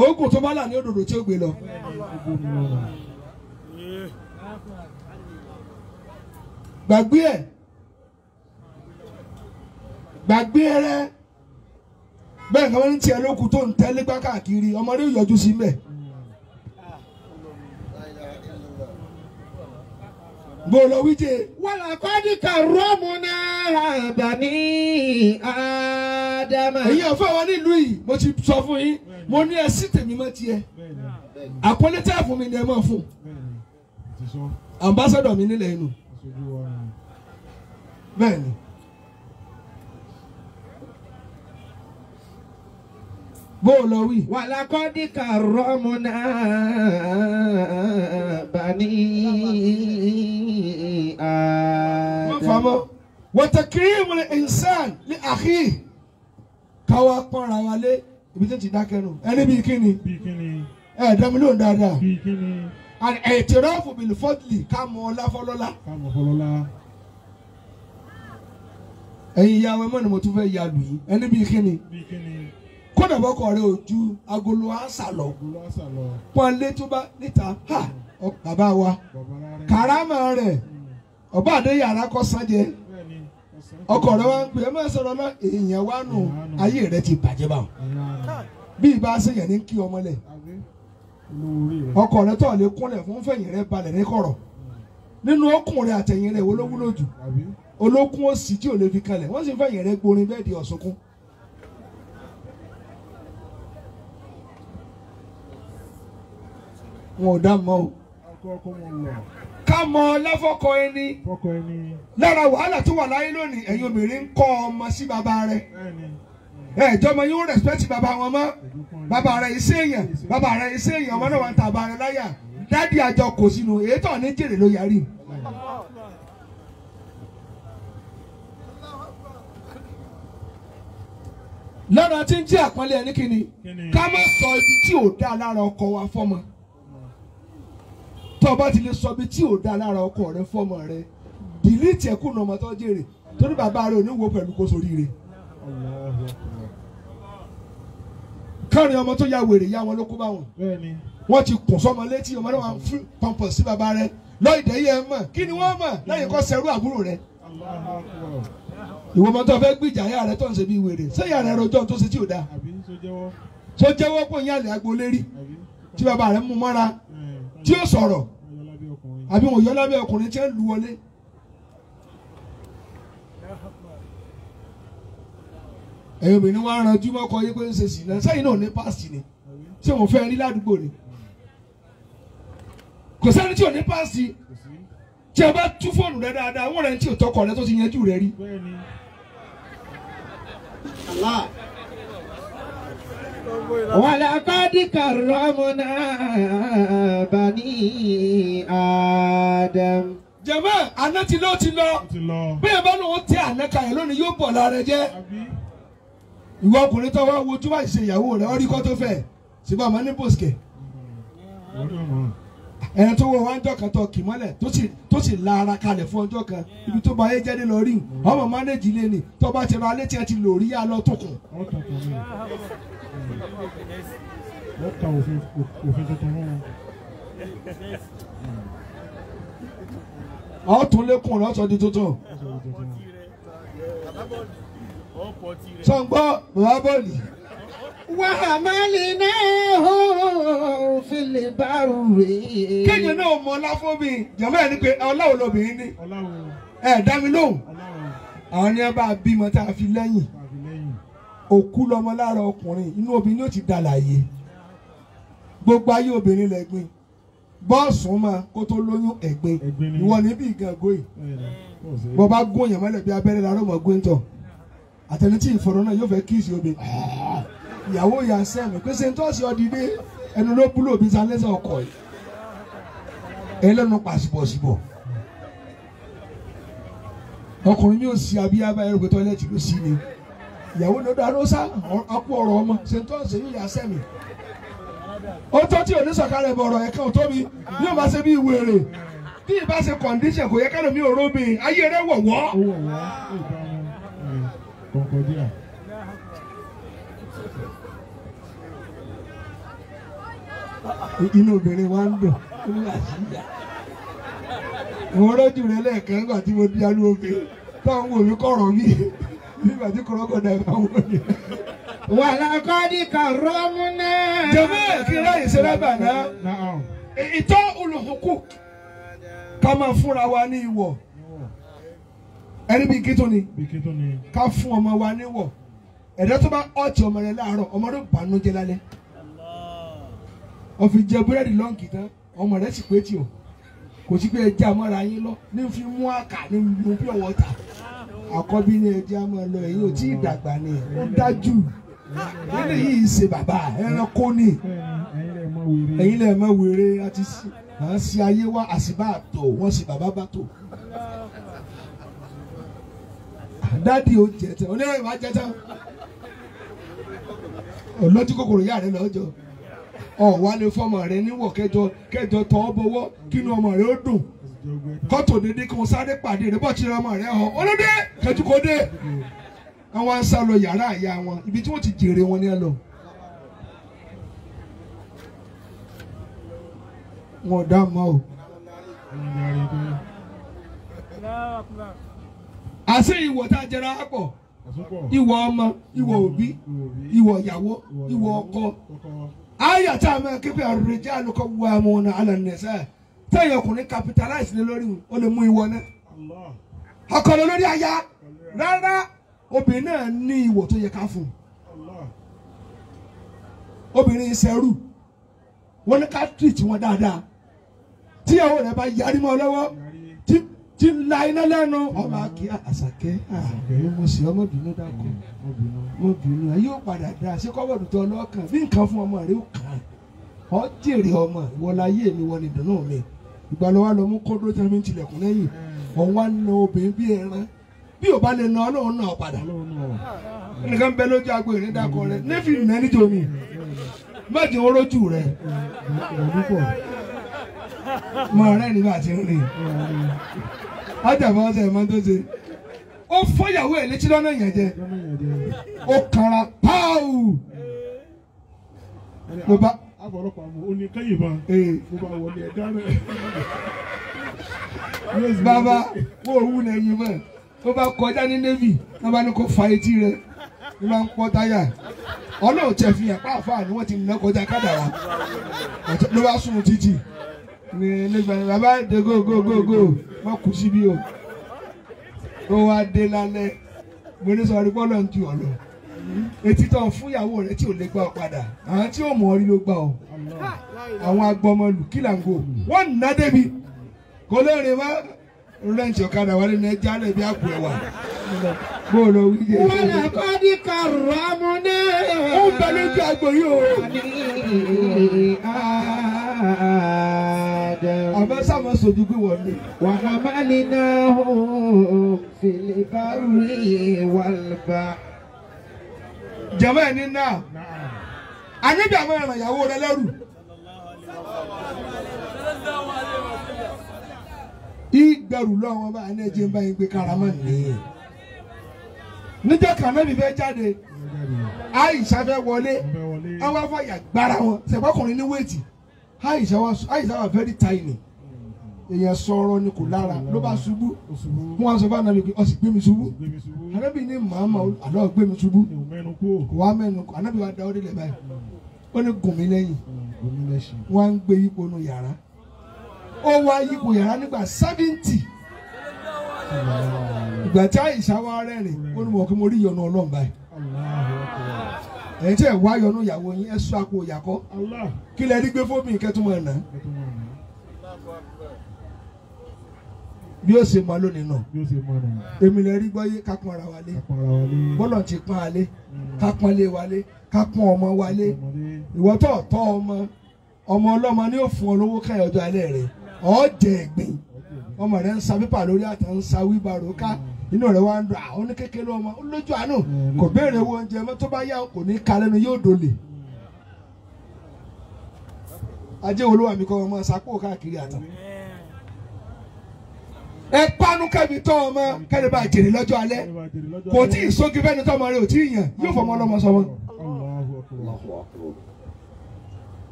oògùn tó bá là ní òdòdó tí ó gbé lọ. gbàgbé ẹ gbàgbé rẹ bẹ́ẹ̀ kan wọ́n ń tiẹ̀ lókun tó ń tẹ́lẹ́gbá káàkiri ọmọdé yọjú sí mẹ́ẹ̀. Bolo wije. Wala kadi karomuna bani Adama. Ẹ̀yin ọ̀fẹ́ wa nílùú yìí, mo ti sọ fún yín, mo ní ẹsí tèmi mọ́ tiẹ̀. Àkọlé tẹ́ fún mi ni ẹ máa fún. Ambassadọ̀ mi nílẹ̀ inú. Bẹ́ẹ̀ni. bó o lọ wí. wàlá kọ́dí kàrọ́mù náà bani adam. wọ́n fàmọ́ wọ́tẹ̀kìrìmù ìnsán ní àkì káwá pọ́nra wálé ibi tó ti dákẹ́ nù ẹni bíi kíni ẹ̀ dẹ́mu ló ń dáadáa ẹ̀tìrọ́fù bìlì fọ́dìlì kámọ́ ọláfọlọ́lá. kámọ́ ọláfọlọ́lá. ẹ̀yin ìyàwó ẹ̀ mọ́ ni mo tún fẹ́ yà lù yín ẹni bíi kíni. bíi kíni kódà bọ́kọ rẹ ò ju agolo àṣà lọ pọ́nlé tó bá níta bàbá wa kàrámà rẹ̀ hmm. ọba àdé yàrá kọ́ sanjẹ ọkọ rẹ wa ń pè é má sọ̀rọ̀ náà èèyàn wa nù ayé rẹ ti bàjẹ́ báwọn bí ibà ṣe yẹn ní kí ọmọ lẹ̀ ọkọ rẹ tọ̀ lé kúnlẹ̀ fún fẹ̀yìn rẹ balẹ̀ ní kọ̀rọ̀ hmm. nínú ọkùnrin àtẹ̀yìn rẹ olówó lójú olókun òsì tí ò lè fi kalẹ̀ wọ́n sì fẹ̀yìn rẹ gborin bẹ́ẹ̀ di ọ̀sùnkún. wọn ò dá mọ́ o kámọ láfọkọ ẹni lára wàhálà tó wà láyé lónìí ẹyin obìnrin ń ọmọ sí bàbá rẹ ẹjọ́ ọmọ yóò bàbá wọn bàbá rẹ̀ iṣẹ́ èèyàn bàbá rẹ̀ iṣẹ́ èèyàn ọmọ náà wà ń ta láyà dádì àjọ kò sínú ní jèrè ló tí ń jẹ́ sọ ibi tí ò dá lára ọkọ wa fọ́mọ. tó o bá ti lè sọ bí tí ò da lára ọkọ rẹ fọmọ rẹ dìlítì ẹ kùnà ọmọ tó jèrè torí bàbá rẹ ò ní wo pẹ̀lú kó sórí rẹ. káàrin ọmọ tó ya wèrè ya wọn ló kó bá wọn wọ́n ti kùn sọmọ létí ọmọ náà wà ń fún pọ̀npọ̀ sí bàbá rẹ lọ́ọ̀dẹ̀ yẹ mọ̀ kí ni wọ́n mọ̀ lẹ́yìn kọ́ sẹ́rú àbúrò rẹ. ìwọ ọmọ tó fẹ́ gbìjà ìyá rẹ tó ń ṣe bí wèrè sẹ́yà rẹ rojọ́ tó ṣe tí ò da. tó jẹ́wọ́ pé ìyá rẹ agboolé tí bàbá rẹ mú mọ́ra tí ó sọ̀rọ̀ àbí wọn yọ lábẹ́ ọkùnrin tí ń lu wọlé. ẹ̀yin obìnrin wa ń ranjú mọ́kọ yí pé ń ṣe sí náà sẹ́yìn náà ní páàsì ni ṣé wọ́n fẹ́ rí ládùúgbò ni kò sẹ́ni tí ò ní páàsì tí a bá tú fóònù rẹ dáadáa wọ́n rẹ̀ ń tí ò tọkọ̀ rẹ tó ti yanjú rẹ rí. ولقد كرمنا بني آدم jẹmọ àná ti lọ ti lọ bẹ́ẹ̀ bá lóun tẹ àná kalẹ̀ lónìí yóò bọ̀ lára jẹ ìwọ ọkùnrin tó wá wojú wá ṣe ìyàwó rẹ̀ ọrí kó tó fẹ́ ṣùgbọ́n àmọ́ ní bòsìkẹ ẹni tó wọ wáńjọ kan tó kì mọ́lẹ̀ tó sì la ara kalẹ̀ fún ọjọ́ kan ibi tó bá yé jẹ́ nílò rí ọmọ mánéjì lé ní tó bá ti ra alé tí ẹ ti lò rí yá lọ tó kù wọ́n ka òfin tuntun náà. a ó tún lékún lọ́sọ̀ di tuntun. sọ̀ngbọ́ bàbá bọ́ọ̀lì. Wàhámálínà òfìlè bárùwé. Kéèyàn náà òkú lọmọ lára ọkùnrin inú obìnrin yóò ti dàlàyé gbogbo ayé obìnrin lẹ́gbin bọ́ọ̀sùn ma kó tó lóyún ẹ̀gbin ìwọ níbi ìgàngó yìí bọ́ bá gún èèyàn mọ́lẹ̀ bí abẹ́rẹ́ la rọ́mọ gún tọ̀ àtẹnitì ìfọ̀rọ̀ náà yóò fẹ́ kíìsì omi ìyàwó ìyá sẹ́mi pé sèntọ́sì ọ̀dìdé ẹnu ló búlò bí sanẹ́sẹ̀ ọkọ̀ yìí ẹlẹ́nu pàṣípọ̀ṣípọ̀ ọkùnrin yóò sí abíyá báyìí rògbòtọ́ ẹlẹ́tì ló sí ni. ìyàwó ló dáná sá akú ọrọ ọmọ ṣe tó ń ṣe yíyà sẹ́mi ó tó tí onísọ̀kalẹ̀ bọ̀rọ̀ ẹ̀ka ò tóbi bí ó bá ṣe bí wèrè bí ṣe kò yẹ mi ò ayé rẹ̀ wọ̀wọ́. inú obìnrin wa ń dùn ó ń wà òun tí mo di táwọn wò mí kọrọ mi. nígbà tí kòrókòdà na wọ ni. wàlàkọ́dí kàrọ́mù náà. jọ̀wọ́ kí láyé ṣe rábà náà ìtọ́ olùhùnkù ká máa fúnra wa ní ìwọ̀ ẹni bíi kí tó ni ká fún ọmọ wa ní ìwọ̀ ẹ̀dá tó bá ọ̀tí ọmọ rẹ láàárọ̀ ọmọ rẹ bànújẹ́ lálẹ́ ọ̀fi jẹ búrẹ́dì lọ́ǹkì tán ọmọ rẹ sì pé tì ọ́ kò sí pé ẹ jẹ́ àmọ́ra yín lọ ní fi mú àkà ní mú bí ọ̀wọ́ ta àkọ́bí ní ẹjẹ́ á máa lọ ẹ̀yìn ò tí ì dàgbà ni ó dájú nínú yìí ṣe bàbá ẹranko ni ẹ̀yin lè mọ wèrè àti à ń ṣe ayé wá àṣìbá àtọ̀ wọ́n ṣe bàbá bá tò. dádì ó jẹ tán oníròyìn máa ọlọ́jú kòkòrò yá rẹ lọ́jọ́ ọ̀wá ni fọmọ rẹ níwọ̀ kẹjọ kẹjọ tọ́ ọ bọwọ́ kínú ọmọ rẹ ó dùn. kọ́tò ní ní kò sáré pàdé rẹ ọmọ rẹ hàn olóde kẹjú lọ yàrá àyà wọn ibi tí wọn ti jèrè wọn wọn ò dá mọ o. àṣé ìwọ tá a ọmọ ìwọ òbí ìwọ ìyàwó ìwọ ọkọ jẹ́ àlùkò wà mọ́ tẹ̀yìn ọkùnrin capitalize lé lórí wọn ó lè mú ìwọ náà ọkọ lọ lórí aya rárá obìnrin náà ní ìwọ tó yẹ ká fún obìnrin ìṣẹ́rù wọn ní ká treat wọn dáadáa tíyàwó rẹ bá yarí mọ́ lọ́wọ́ ti la iná lẹ́nu ọmọ akí àṣàkẹ́ àbẹ̀rẹ̀ mo sì ọmọ bínú dákọ̀ mo bínú ẹ yóò padà dáa ṣé kọ́bọ̀dù tó lọ́ọ̀kan bí nǹkan fún ọmọ rẹ ó kàn án ọ jèrè ọmọ ìwọ láyé mi wọ dùnú mi ìgbà ló wá lọ mú kódó tí wọn fi ń tilẹ̀kùn lẹ́yìn òun wá na obìnrin bí ẹran bí ò bá lè na ọlọ́run náà padà nìkan bẹ lójú agbo ìrìn dàkọ rẹ nífi nà nítorí má jẹ wọn lójú rẹ mọ ọ̀rẹ́ nígbà tí ń rìn ájàfẹ ọsẹ ẹ máa tó ṣe ó fọyàwó ẹ létí lọ́nà yẹn jẹ ó kàrà pàù ló bá afọlọpàá mu ó ní kẹyìnbọn mo bá wọlé ẹ dáná. rose baba mo ò wú ní ẹyin mọ́ tó bá kọjá ní navy wọ́n bá ní kó fa etí rẹ̀ ní máa ń pọ́ táyà ọlọ́run tẹ̀ fi hàn pàápàá ni wọ́n ti nà kọjá kádàrá ló bá sùn títì ní nígbà yẹn bàbá de go go go go wọ́n kù síbi o ó wá dé lálẹ́ mo ní sọ̀rọ̀ pọ́lọ́ ń tu ọ̀lọ́ etí tó ń fún ìyàwó rẹ tí ò lè gbà ọ padà àwọn tí ò mọ̀ ọ́ rí ló gbà ọ àwọn agbọmọlù kílàngò wọ́n nà débi kò lè rìn wá rẹ́ǹtì ọ̀kadà wálé ní ẹja lẹ́bi àpò ẹ̀wà bó lọ wí dé. wọn lè kọ́ ní kàrọ̀ amúné. ó ń bẹ lójú agbo yìí o. àmọ́ sáwọn sojú gbé wọ̀ ni. wà á má ní náà ó fìlè bá rí wàlúbà jama ẹni náà àníbi àwọn ẹran ìyàwó rẹ lẹ́rù. ìgbẹ̀rù lọ́wọ́ bá ẹni ẹ̀jẹ̀ ń bá yín pé karama nìyẹn. níjọ́ kan náà mi fẹ́ jáde Aisha fẹ́ wọlé àwọn afọ àyàgbára wọn ṣẹ̀fọ́kùnrin ní wéètì Aisha wà very tiny èèyàn sọ̀rọ̀ ni kò lára ló bá ṣubú wọ́n sọ fún anabi pé ọsì gbé mi ṣubú anabi ní màmá àlọ́ gbé mi ṣubú kò wá mẹ́nu kó anabi wa da ọ́ délẹ̀ báyìí ó ní gùn mí lẹ́yìn wọ́n á ń gbé yípo nu yàrá ó wá yípo yàrá nígbà sẹ́fíǹtì ìgbà tí àyíṣà wa rẹ́rìn ó ní mọ̀ kí mo rí ìyọnu ọlọ́run báyìí ẹ̀yin tí ẹ̀ wá yọnu ìyàwó yín ẹ̀ sọ àpò ìyàkọ́ kí lẹ gbé fómi kẹ́tùmọ̀ ẹ̀ náà. bí se ṣe mọ lónìí náà èmi lè rí gbọ́yé ká ara wa bọ́lọ̀ ti pọ́n alé ká lé wa lé ọmọ wa lé tọ́ ọmọ ọmọ ọlọ́mọ ni ó fún ọ lówó káyọ̀ ọjọ́ alẹ́ rẹ̀ ọ́ jẹ ẹ̀gbìn ọmọ rẹ̀ ń sa pépà lórí àtàn ń sa wíbarò ká inú rẹ̀ wá ń dùn àwọn oníkékeré ọmọ lójú àánú kò béèrè owó oúnjẹ mọ́ tó bá yá kò ní ka lẹ́nu yóò dolè ajé olúwa mi kọ́ ọmọ sápò káàkiri àtàn ẹ panu kẹbi tọ ọmọ kẹni bá jèrè lọ́jọ́ alẹ́ kò tí ì sógi bẹ́ẹ̀ tọmọ rẹ ò tí ì yàn yóò fọmọ ọlọmọ sọmọ.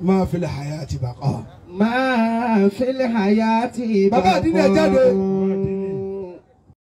máa fi lè hayati bàkọ́. máa fi lè hayati bàkọ́. bàbá àdínní ẹ jáde.